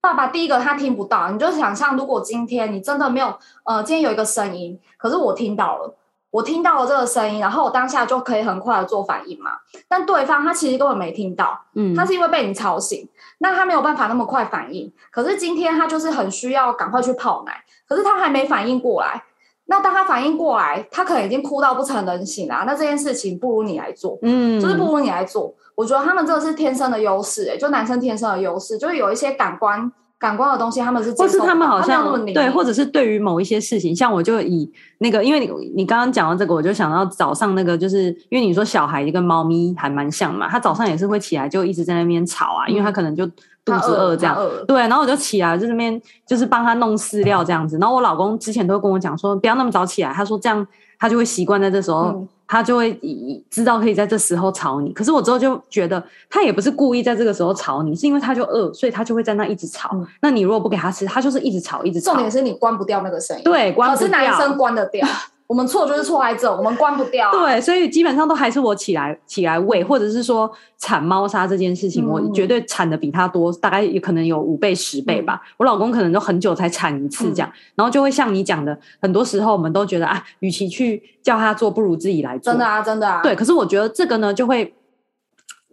爸爸第一個他聽不到，你就想象如果今天你真的沒有，呃，今天有一個聲音，可是我聽到了。我聽到了這個聲音，然後我當下就可以很快的做反應嘛。但對方他其實根本沒聽到，嗯，他是因為被你吵醒，那他沒有辦法那麼快反應。可是今天他就是很需要趕快去泡奶，可是他還沒反應過來。那當他反應過來，他可能已經哭到不成人形了。那這件事情不如你來做，嗯，就是不如你來做。我覺得他們這個是天生的優勢，欸，就男生天生的優勢，就是有一些感官。感官的東西，他們是，或是他們好像對，或者是對於某一些事情，像我就以那個，因為你你剛剛講到這個，我就想到早上那個，就是因為你說小孩跟貓咪還蠻像嘛，他早上也是會起來就一直在那邊吵啊、嗯，因為他可能就肚子餓這樣，對，然後我就起來在那邊就是幫他弄飼料這樣子，然後我老公之前都跟我講說不要那麼早起來，他說這樣他就會習慣在這時候。嗯他就會以知道可以在這時候吵你，可是我之後就覺得他也不是故意在這個時候吵你，是因為他就餓，所以他就會在那一直吵，嗯。那你如果不給他吃，他就是一直吵一直吵。重點是你關不掉那個聲音，對，關不掉。可是男生關得掉。 (laughs) 我們錯就是錯在這，我們關不掉，啊。對，所以基本上都還是我起來起來餵，或者是說鏟貓砂這件事情，嗯、我絕對鏟的比他多，大概也可能有五倍十倍吧。嗯、我老公可能都很久才鏟一次這樣，嗯，然後就會像你講的，很多時候我們都覺得啊，與其去叫他做，不如自己來做。真的啊，真的啊。對，可是我覺得這個呢，就會。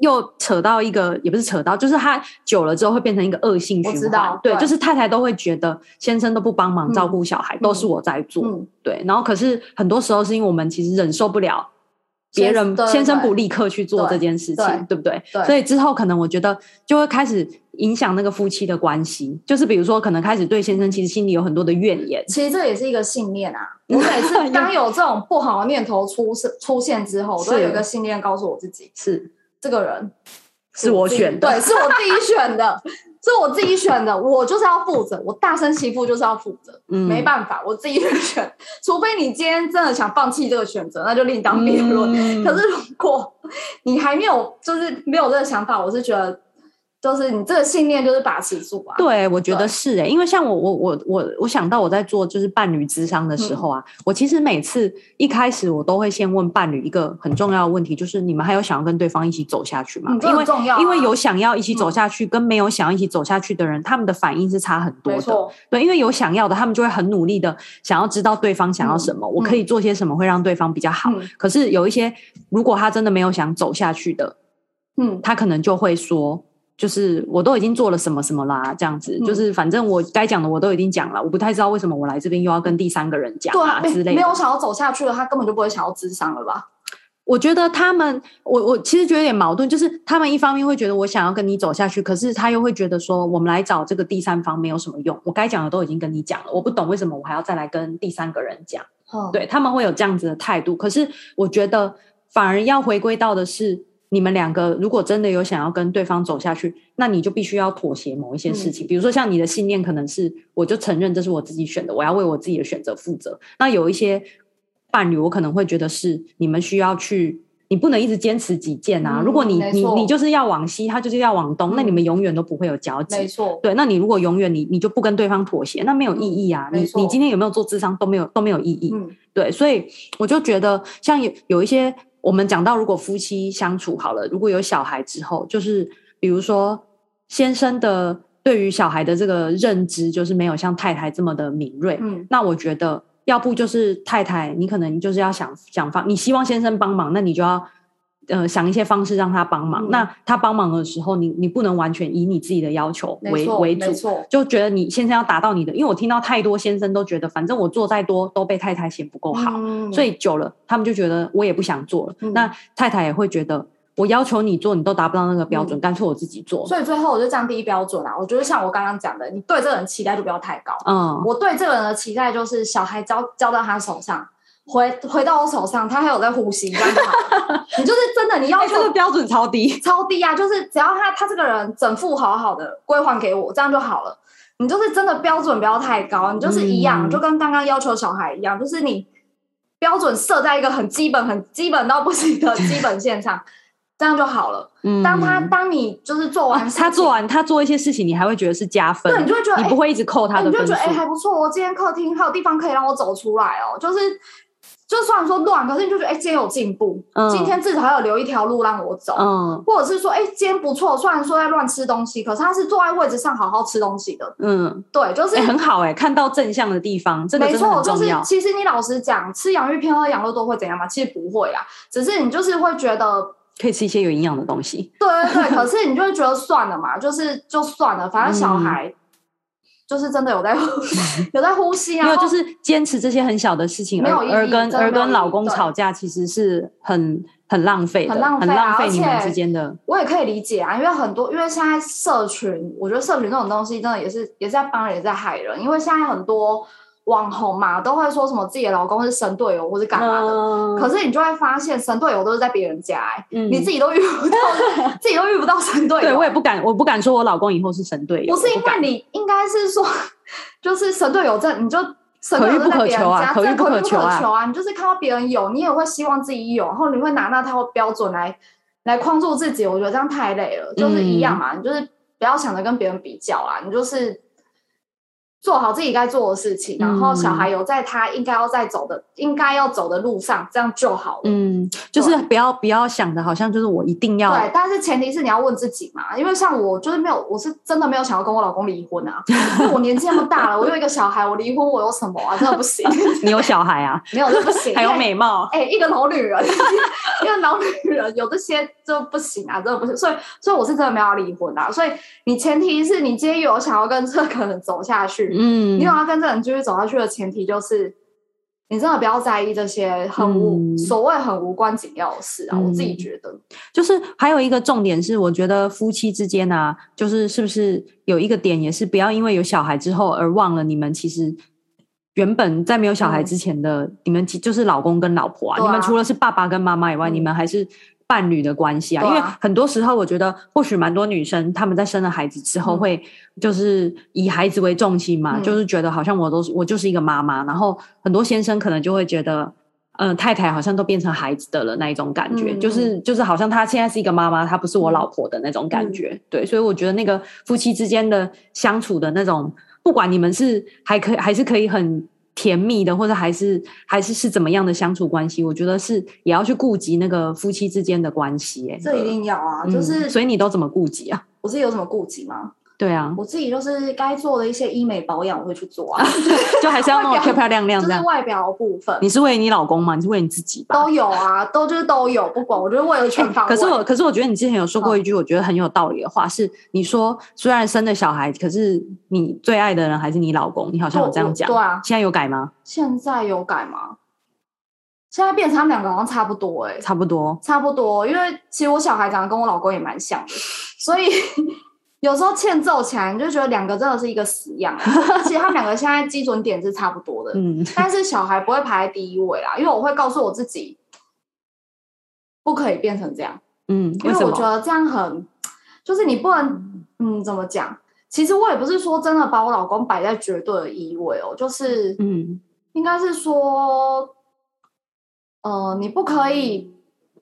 又扯到一個，也不是扯到，就是他久了之後會變成一個惡性循環。我知道，對，就是太太都會覺得先生都不幫忙照顧小孩，嗯、都是我在做、嗯。對，然後可是很多時候是因為我們其實忍受不了別人先，先生不立刻去做這件事情，對，對，對不對，對，對？所以之後可能我覺得就會開始影響那個夫妻的關係。就是比如說，可能開始對先生其實心裡有很多的怨言。其實這也是一個信念啊！我每次當有這種不好的念頭出 (laughs) 出現之後，我都有一個信念告訴我自己是。這個人是我選的，對， (laughs) 是我自己選的，是我自己選的，我就是要負責，我大聲媳婦就是要負責，嗯，沒辦法，我自己選，除非你今天真的想放棄這個選擇，那就另當別論。嗯、可是如果你還沒有，就是沒有這個想法，我是覺得。就是你這個信念就是把持住啊！對，我覺得是誒、欸，因為像我我我我我想到我在做就是伴侶諮商的時候啊、嗯，我其實每次一開始我都會先問伴侶一個很重要的問題，就是你們還有想要跟對方一起走下去嗎？啊、因為因為有想要一起走下去跟沒有想要一起走下去的人、嗯，他們的反應是差很多的。對，因為有想要的，他們就會很努力的想要知道對方想要什麼，嗯、我可以做些什麼會讓對方比較好。嗯、可是有一些，如果他真的沒有想走下去的，嗯，他可能就會說。就是我都已經做了什麼什麼啦，這樣子，就是反正我該講的我都已經講了，我不太知道為什麼我來這邊又要跟第三個人講。對，沒有想要走下去了，他根本就不會想要諮商了吧？我覺得他們，我我其實覺得有點矛盾，就是他們一方面會覺得我想要跟你走下去，可是他又會覺得說，我們來找這個第三方沒有什麼用，我該講的都已經跟你講了，我不懂為什麼我還要再來跟第三個人講。對，他們會有這樣子的態度，可是我覺得反而要回歸到的是。你們兩個如果真的有想要跟對方走下去，那你就必須要妥協某一些事情。嗯、比如說，像你的信念可能是，我就承認這是我自己選的，我要為我自己的選擇負責。那有一些伴侶，我可能會覺得是你們需要去，你不能一直堅持己見啊。嗯、如果你你你就是要往西，他就是要往東，嗯、那你們永遠都不會有交集。沒錯，對。那你如果永遠你你就不跟對方妥協，那沒有意義啊。嗯、你你今天有沒有做諮商都沒有都沒有意義、嗯。對。所以我就覺得像有有一些。我們講到，如果夫妻相處好了，如果有小孩之後，就是比如說先生的對於小孩的這個認知，就是沒有像太太這麼的敏銳。嗯，那我覺得，要不就是太太，你可能就是要想想方，你希望先生幫忙，那你就要。呃，想一些方式讓他幫忙、嗯。那他幫忙的時候，你你不能完全以你自己的要求為為主，就覺得你先生要達到你的。因為我聽到太多先生都覺得，反正我做再多都被太太嫌不夠好、嗯，所以久了他們就覺得我也不想做了。嗯、那太太也會覺得我要求你做，你都達不到那個標準，乾、嗯、脆我自己做。所以最後我就降低標準啦、啊。我覺得像我剛剛講的，你對這個人期待就不要太高。嗯，我對這個人的期待就是小孩交交到他手上，回回到我手上，他還有在呼吸，就 (laughs) 你就是真的，你要求的標準超低，超低啊！就是只要他他這個人整副好好的歸還給我，這樣就好了。你就是真的標準不要太高，你就是一樣，嗯、就跟剛剛要求的小孩一樣，就是你標準設在一個很基本、很基本到不行的基本線上、嗯，這樣就好了。當他當你就是做完、啊，他做完他做一些事情，你還會覺得是加分，對你就會覺得、欸、你不會一直扣他的分、欸，你就會覺得哎、欸、還不錯，我今天客廳還有地方可以讓我走出來哦，就是。就算說亂，可是你就覺得哎、欸，今天有進步、嗯，今天至少要留一條路讓我走，嗯、或者是說哎、欸，今天不錯，雖然說在亂吃東西，可是他是坐在位置上好好吃東西的。嗯，對，就是、欸、很好哎、欸，看到正向的地方，這個、真的很重要。沒錯。就是其實你老實講，吃洋芋片和羊肉都會怎樣嘛？其實不會啊，只是你就是會覺得可以吃一些有營養的東西。對對對， (laughs) 可是你就會覺得算了嘛，就是就算了，反正小孩。嗯嗯嗯就是真的有在呼 (laughs) 有在呼吸啊！ (laughs) 沒有，就是堅持這些很小的事情，沒有而，而跟沒有而跟老公吵架，其實是很很浪費，很浪費，很浪費啊、很浪費你們之間的。我也可以理解啊，因為很多，因為現在社群，我覺得社群這種東西真的也是也是在幫人也在害人，因為現在很多。網紅嘛，都會說什麼自己的老公是神隊友或者幹嘛的、嗯，可是你就會發現神隊友都是在別人家、欸嗯，你自己都遇不到， (laughs) 自己都遇不到神隊友。對我也不敢，我不敢說我老公以後是神隊友。不是因為你應該是說，就是神隊友在，你就神隊友都在別人家，這樣可遇不可求啊，可遇不可求啊，求啊啊，你就是看到別人有，你也會希望自己有，然後你會拿那套標準來來框住自己，我覺得這樣太累了，就是一樣嘛，嗯、你就是不要想着跟別人比較啊，你就是。做好自己該做的事情，然後小孩有在他應該要在走的、嗯、應該要走的路上，這樣就好了。嗯，就是不要不要想的好像就是我一定要。對，但是前提是你要問自己嘛，因為像我就是沒有，我是真的沒有想要跟我老公離婚啊，因為我年紀那麼大了， (laughs) 我有一個小孩，我離婚我有什麼啊？真的不行。你有小孩啊？ (laughs) 沒有，這不行。還有美貌？哎、欸，一個老女人。 (laughs) 因為老女人有這些就不行啊，真的不行。所以，所以我是真的沒有離婚啊。所以，你前提是你今天有想要跟這個人走下去，嗯，你有要跟這個人繼續走下去的前提就是，你真的不要在意這些很無、嗯、所謂、很無關緊要的事啊。我自己覺得，嗯、就是還有一個重點是，我覺得夫妻之間啊，就是是不是有一個點也是不要因為有小孩之後而忘了你們其實，原本在沒有小孩之前的、嗯、你們，就是老公跟老婆啊。嗯、你們除了是爸爸跟媽媽以外、嗯，你們還是伴侶的關係啊、嗯。因為很多時候，我覺得或許蠻多女生、嗯、他們在生了孩子之後，會就是以孩子為重心嘛、嗯，就是覺得好像我都是我就是一個媽媽、嗯。然後很多先生可能就會覺得，嗯、呃，太太好像都變成孩子的了那一種感覺，嗯、就是就是好像她現在是一個媽媽，她不是我老婆的那種感覺。嗯、對。所以我覺得那個夫妻之間的相處的那種。不管你們是還可以還是可以很甜蜜的，或者還是還是是怎麼樣的相處關係，我覺得是也要去顧及那個夫妻之間的關係、欸。哎，這一定要啊，就是、嗯、所以你都怎麼顧及啊？我是有什麼顧及嗎？對啊，我自己就是該做的一些醫美保養，我會去做啊， (laughs) 就還是要那麼漂漂亮亮的外表，就是，外表的部分。你是為你老公嗎？你是為你自己吧？都有啊，都就是都有，不管。我覺得為了全方、欸，可是我，可是我覺得你之前有說過一句，嗯、我覺得很有道理的話，是你說，雖然生了小孩，可是你最愛的人還是你老公。你好像有這樣講，對啊。現在有改嗎？現在有改嗎？現在變成他們兩個好像差不多哎、欸，差不多，差不多。因為其實我小孩長得跟我老公也蠻像，所以。 (laughs) 有時候欠揍起來，你就覺得兩個真的是一個死樣，其實他們兩個現在基準點是差不多的。嗯， (laughs) 但是小孩不會排在第一位啦，因為我會告訴我自己，不可以變成這樣。嗯因，因為我覺得這樣很，就是你不能，嗯，怎麼講？其實我也不是說真的把我老公擺在絕對的一位哦，喔，就是，嗯，應該是說，呃，你不可以。嗯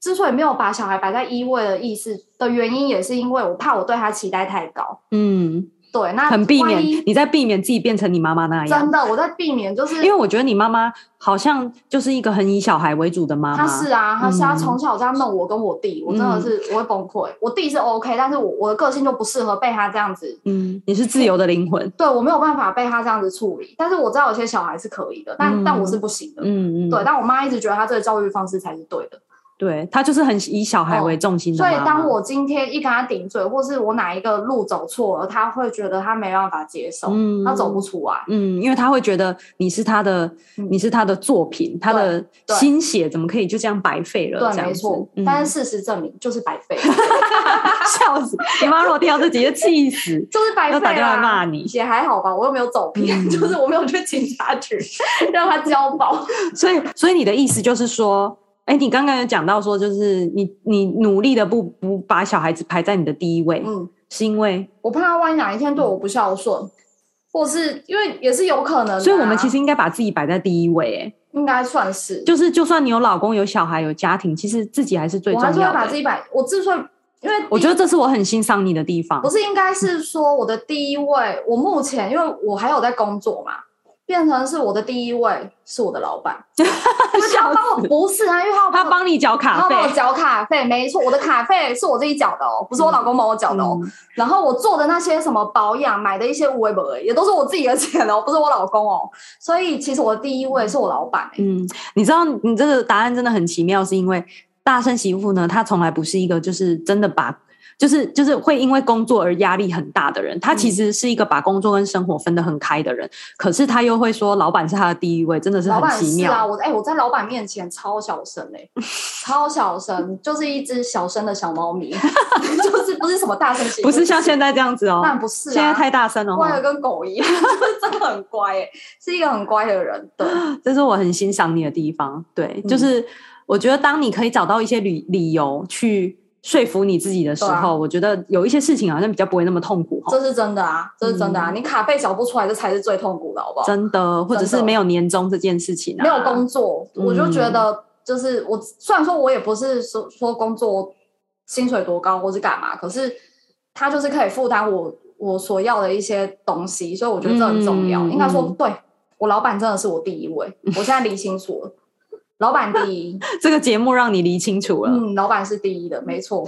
之所以沒有把小孩擺在第一位的意思的原因，也是因為我怕我對他期待太高。嗯，對，那很避免你在避免自己變成你媽媽那樣。真的，我在避免，就是因為我覺得你媽媽好像就是一個很以小孩為主的媽媽。她是啊，她是她從小這樣弄我跟我弟，嗯、我真的是我會崩潰、嗯。我弟是 OK，但是我我的個性就不適合被他這樣子。嗯，你是自由的靈魂。對，我沒有辦法被他這樣子處理。但是我知道有些小孩是可以的，嗯、但但我是不行的。嗯嗯，對，嗯、但我媽一直覺得她這個教育方式才是對的。對他就是很以小孩為重心的媽媽、嗯，所以當我今天一跟他頂嘴，或是我哪一個路走錯了，他會覺得他沒辦法接受，他走不出來、嗯。嗯，因為他會覺得你是他的，嗯、你是他的作品、嗯，他的心血怎麼可以就這樣白費了？對，對這樣子對沒錯、嗯。但是事實證明就是白費了,， (laughs) (laughs) (laughs) (laughs) (laughs) (laughs) (laughs) (laughs) 笑死！你媽若聽到自己就氣死， (laughs) 就是白費啊！要打電話罵你也還好吧，我又沒有走偏，嗯、 (laughs) 就是我沒有去警察局讓他交保。所以，所以你的意思就是說？哎、欸，你剛剛有講到說，就是你你努力的不不把小孩子排在你的第一位，嗯，是因為我怕萬一哪一天對我不孝順、嗯，或是因為也是有可能的、啊，所以我們其實應該把自己擺在第一位、欸，哎，應該算是，就是就算你有老公、有小孩、有家庭，其實自己還是最重要的、欸，的。要把自己擺，我之算，因為我覺得這是我很欣賞你的地方，不是應該是說我的第一位， (laughs) 我目前因為我還有在工作嘛。變成是我的第一位，是我的老闆，不 (laughs) 是他幫我，不是啊，因為他幫 (laughs) 你繳卡，他幫我繳卡費，沒錯，我的卡費是我自己繳的哦， (laughs) 不是我老公幫我繳的哦、嗯。然後我做的那些什麼保養，買的一些維保，也都是我自己的錢哦，不是我老公哦。所以其實我的第一位是我老闆、欸。嗯，你知道你這個答案真的很奇妙，是因為大聲媳婦呢，她從來不是一個就是真的把。就是就是會因為工作而壓力很大的人，他其實是一個把工作跟生活分得很開的人，嗯、可是他又會說老闆是他的第一位，真的是很奇妙。是啊，我、欸、我在老闆面前超小聲哎、欸， (laughs) 超小聲，就是一隻小聲的小貓咪， (laughs) (laughs) 就是不是什麼大聲， (laughs) 不是像現在這樣子哦，但不是、啊、現在太大聲了、哦，乖的跟狗一樣， (laughs) 真的很乖、欸、是一個很乖的人，對，這是我很欣賞你的地方，對、嗯，就是我覺得當你可以找到一些理理由去說服你自己的時候、啊，我覺得有一些事情好像比較不會那麼痛苦。這是真的啊，嗯、這是真的啊！你卡費繳不出來，這才是最痛苦的，好不好？真的，或者是沒有年終這件事情、啊，沒有工作、嗯，我就覺得就是我。雖然說我也不是說說工作薪水多高或是幹嘛，可是他就是可以負擔我我所要的一些東西，所以我覺得這很重要。嗯、應該說，對，我老闆真的是我第一位。我現在理清楚了。 (laughs) 老闆第一， (laughs) 這個節目讓你理清楚了。嗯，老闆是第一的，沒錯。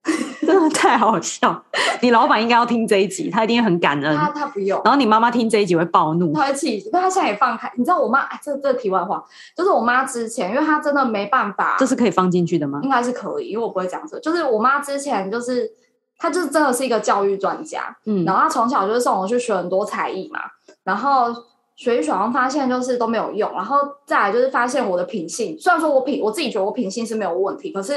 (laughs) 真的太好笑， (laughs) 你老闆應該要聽這一集，他一定很感恩。他他不用。然後你媽媽聽這一集會暴怒，他會氣。但他現在也放開，你知道我媽，哎，這這題外話，就是我媽之前，因為她真的沒辦法。這是可以放進去的嗎？應該是可以，因為我不會講這個。就是我媽之前，就是她就是真的是一個教育專家。嗯。然後她從小就是送我去學很多才藝嘛，然後。所以小王發現就是都沒有用，然後再來就是發現我的品性，雖然說我品我自己覺得我品性是沒有問題，可是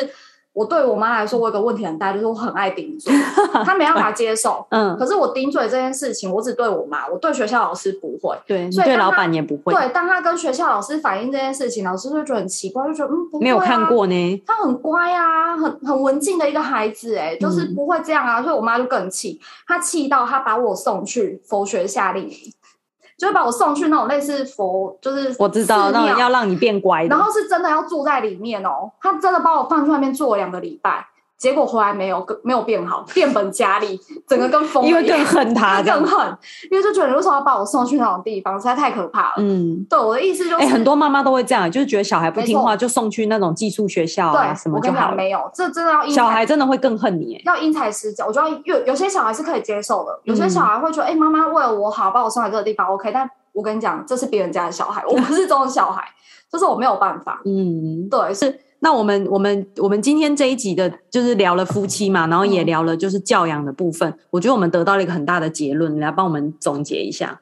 我對我媽來說我有個問題很大，就是我很愛頂嘴， (laughs) 她沒辦法接受，嗯，可是我頂嘴這件事情，我只對我媽，我對學校老師不會，對，所以對老闆也不會，對，當她跟學校老師反映這件事情，老師就覺得很奇怪，就覺得嗯不會、啊，沒有看過呢，她很乖啊，很很文靜的一個孩子，欸，哎，就是不會這樣啊，嗯、所以我媽就更氣，她氣到她把我送去佛學夏令營。就會、是、把我送去那種類似佛，就是我知道，那種要讓你變乖的，然後是真的要住在裡面哦。他真的把我放去外面住了兩個禮拜。結果回來沒有，沒有變好，變本加厲，整個更瘋一樣，因為更恨他，更恨，因為就覺得你為什麼要把我送去那種地方，實在太可怕了。嗯，對，我的意思就是，欸、很多媽媽都會這樣，就是覺得小孩不聽話就送去那種寄宿學校啊對，什麼就好沒。沒有，這真的要因小孩真的會更恨你。要因材施教，我覺得有有些小孩是可以接受的，有些小孩會說：“哎、嗯，媽、欸、媽為了我好，把我送到這個地方，OK。”但我跟你講，這是別人家的小孩，我不是這種小孩，就是我沒有辦法。嗯，對，是。那我們我們我們今天這一集的，就是聊了夫妻嘛，然後也聊了就是教養的部分，嗯，我覺得我們得到了一個很大的結論，來幫我們總結一下，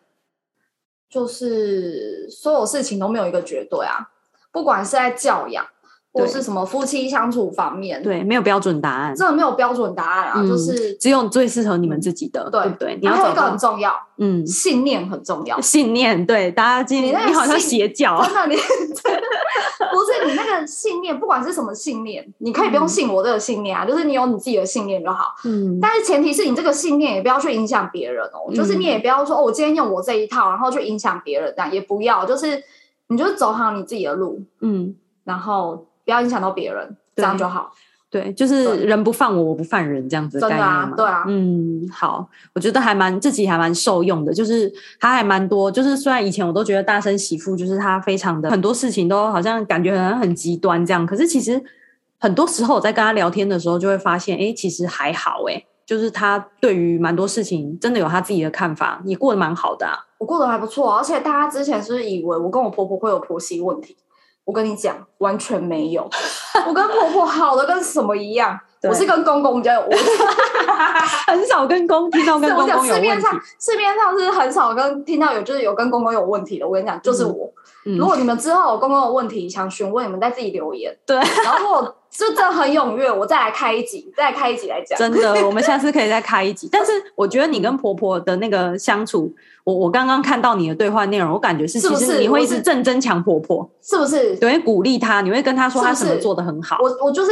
就是所有事情都沒有一個絕對啊，不管是在教養。就是什麼夫妻相處方面？對，沒有標準答案，這個沒有標準答案啊，嗯、就是只有最適合你們自己的，嗯、對不對？然後一個很重要，嗯，信念很重要，信念對大家今天你，你好像邪教、啊，真的 (laughs) (laughs) 不是你那個信念，不管是什麼信念、嗯，你可以不用信我這個信念啊，就是你有你自己的信念就好，嗯。但是前提是你這個信念也不要去影響別人哦、嗯，就是你也不要說哦，我今天用我這一套，然後去影響別人，這樣也不要，就是你就是走好你自己的路，嗯，然後。不要影響到別人，這樣就好。對，就是人不犯我，我不犯人，這樣子的概念嘛。對啊，對啊，嗯，好，我覺得還蠻自己還蠻受用的。就是他還蠻多，就是雖然以前我都覺得大聲媳婦就是他非常的很多事情都好像感覺很很極端這樣，可是其實很多時候我在跟他聊天的時候就會發現，哎，欸，其實還好，欸，哎，就是他對於蠻多事情真的有他自己的看法。你過得蠻好的啊，我過得還不錯，而且大家之前是不是以為我跟我婆婆會有婆媳問題。我跟你講，完全沒有。我跟婆婆好的跟什麼一樣， (laughs) 我是跟公公比較有問題， (laughs) 很少跟公聽到跟公公。我跟你講，市面上市面上是很少跟聽到有，就是有跟公公有問題的。我跟你講，就是我。嗯、如果你們之後公公有問題、嗯、想詢問，你們再自己留言。對，然後。 (laughs) 就真的很踴躍，我再來開一集，再來開一集來講。真的，我們下次可以再開一集。 (laughs) 但是我覺得你跟婆婆的那個相處，我我剛剛看到你的對話內容，我感覺是，是不是你會一直正增強婆婆？是不是？你會鼓勵她，你會跟她說她什麼做的很好？是是我我就是，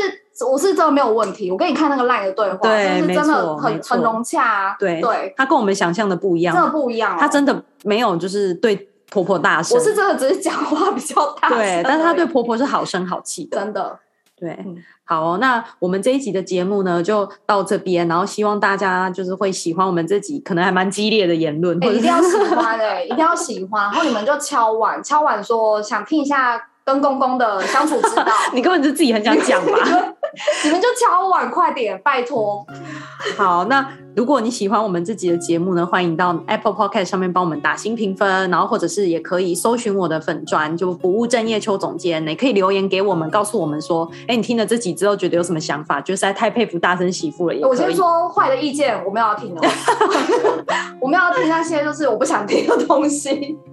我是真的沒有問題。我給你看那個賴的對話，對是,是真的很很,很融洽、啊。對對，他跟我們想象的不一樣、啊，真的不一樣、哦。她真的沒有就是對婆婆大聲，我是真的只是講話比較大聲，對，但是他對婆婆是好聲好氣的，真的。對，好、哦，那我們這一集的節目呢，就到這邊，然後希望大家就是會喜歡我們這集，可能還蠻激烈的言論，欸、一定要喜歡哎、欸， (laughs) 一定要喜歡，然後你們就敲碗敲碗說，說想聽一下跟公公的相處之道， (laughs) 你根本就自己很想講嘛， (laughs) 你們就敲碗快點，拜託， (laughs) 好，那。如果你喜歡我們這集的節目呢，歡迎到 Apple Podcast 上面幫我們打星評分，然後或者是也可以搜尋我的粉專，就不務正業邱總監，你可以留言給我們，告訴我們說，哎、欸，你聽了這集之後覺得有什麼想法？覺得實在太佩服大聲媳婦了。我先說壞的意見，我沒有要聽哦， (laughs) (laughs) 我沒有要聽那些就是我不想聽的東西。 (laughs)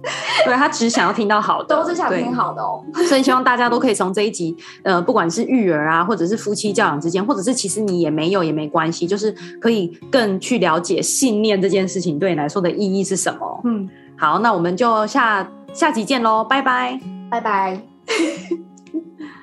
對他只想要聽到好的，都 (laughs) 是想聽好的哦，所以希望大家都可以從這一集，呃，不管是育兒啊，或者是夫妻教養之間，或者是其實你也沒有也沒關係，就是可以更。去了解信念這件事情對你來說的意義是什麼？嗯，好，那我們就下下集見嘍，拜拜，拜拜。 (laughs)